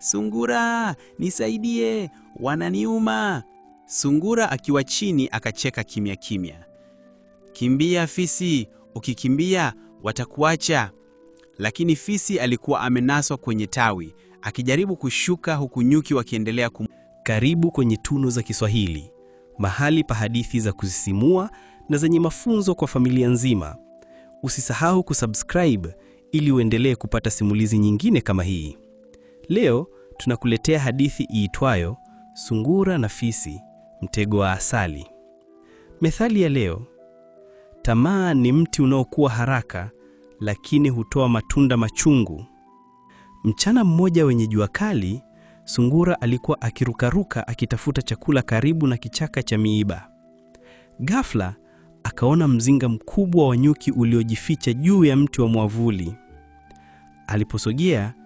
Sungura, nisaidie, wananiuma. Sungura akiwa chini akacheka kimya kimya. Kimbia fisi, ukikimbia watakuacha. Lakini fisi alikuwa amenaswa kwenye tawi akijaribu kushuka, huku nyuki wakiendelea kum... Karibu kwenye Tunu za Kiswahili, mahali pa hadithi za kusisimua na zenye mafunzo kwa familia nzima. Usisahau kusubscribe ili uendelee kupata simulizi nyingine kama hii. Leo tunakuletea hadithi iitwayo Sungura na Fisi, Mtego wa Asali. Methali ya leo: tamaa ni mti unaokuwa haraka, lakini hutoa matunda machungu. Mchana mmoja wenye jua kali, sungura alikuwa akirukaruka akitafuta chakula karibu na kichaka cha miiba. Ghafla akaona mzinga mkubwa wa nyuki uliojificha juu ya mti wa mwavuli. Aliposogea